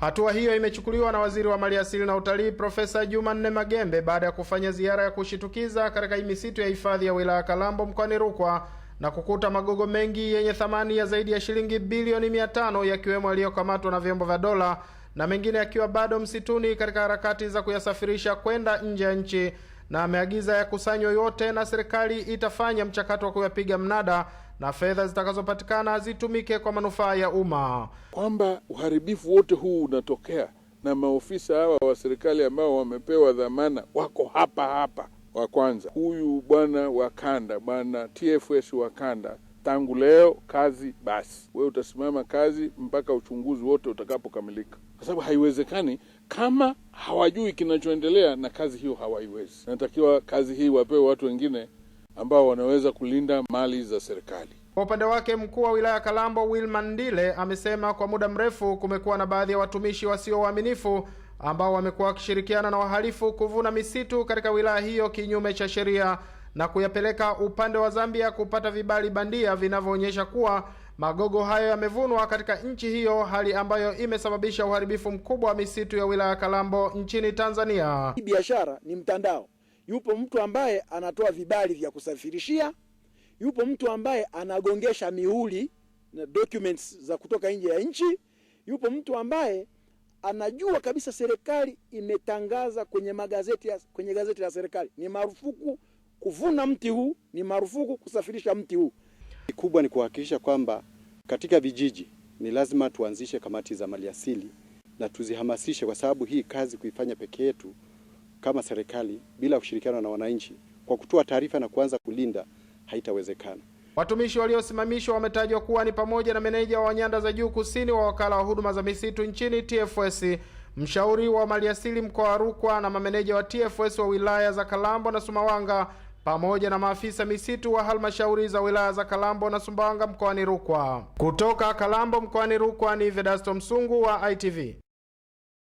Hatua hiyo imechukuliwa na waziri wa maliasili na utalii Profesa Jumanne Magembe baada ya kufanya ziara ya kushitukiza katika misitu ya hifadhi ya wilaya Kalambo mkoani Rukwa na kukuta magogo mengi yenye thamani ya zaidi ya shilingi bilioni mia tano yakiwemo yaliyokamatwa na vyombo vya dola na mengine yakiwa bado msituni katika harakati za kuyasafirisha kwenda nje ya nchi na ameagiza yakusanywe yote na serikali itafanya mchakato wa kuyapiga mnada na fedha zitakazopatikana zitumike kwa manufaa ya umma, kwamba uharibifu wote huu unatokea na maofisa hawa wa serikali ambao wamepewa dhamana wako hapa hapa. Wa kwanza huyu bwana Wakanda, bwana TFS Wakanda tangu leo kazi basi, wewe utasimama kazi mpaka uchunguzi wote utakapokamilika, kwa sababu haiwezekani kama hawajui kinachoendelea na kazi hiyo hawaiwezi. Natakiwa kazi hii wapewe watu wengine ambao wanaweza kulinda mali za serikali. Kwa upande wake mkuu wa wilaya Kalambo Wilman Ndile amesema kwa muda mrefu kumekuwa na baadhi ya watumishi wasio waaminifu ambao wamekuwa wakishirikiana na wahalifu kuvuna misitu katika wilaya hiyo kinyume cha sheria na kuyapeleka upande wa Zambia kupata vibali bandia vinavyoonyesha kuwa magogo hayo yamevunwa katika nchi hiyo, hali ambayo imesababisha uharibifu mkubwa wa misitu ya wilaya Kalambo nchini Tanzania. Hii biashara ni mtandao. Yupo mtu ambaye anatoa vibali vya kusafirishia, yupo mtu ambaye anagongesha mihuri na documents za kutoka nje ya nchi, yupo mtu ambaye anajua kabisa serikali imetangaza kwenye magazeti ya, kwenye gazeti la serikali ni marufuku kuvuna mti huu, ni marufuku kusafirisha mti huu. Kikubwa ni kuhakikisha kwamba katika vijiji ni lazima tuanzishe kamati za maliasili na tuzihamasishe, kwa sababu hii kazi kuifanya peke yetu kama serikali bila kushirikiana na wananchi kwa kutoa taarifa na kuanza kulinda haitawezekana. Watumishi waliosimamishwa wametajwa kuwa ni pamoja na meneja wa nyanda za juu kusini wa wakala wa huduma za misitu nchini TFS, mshauri wa maliasili mkoa wa Rukwa na mameneja wa TFS wa wilaya za Kalambo na Sumawanga pamoja na maafisa misitu wa halmashauri za wilaya za Kalambo na Sumbawanga mkoani Rukwa. Kutoka Kalambo mkoani Rukwa ni Vedasto Msungu wa ITV.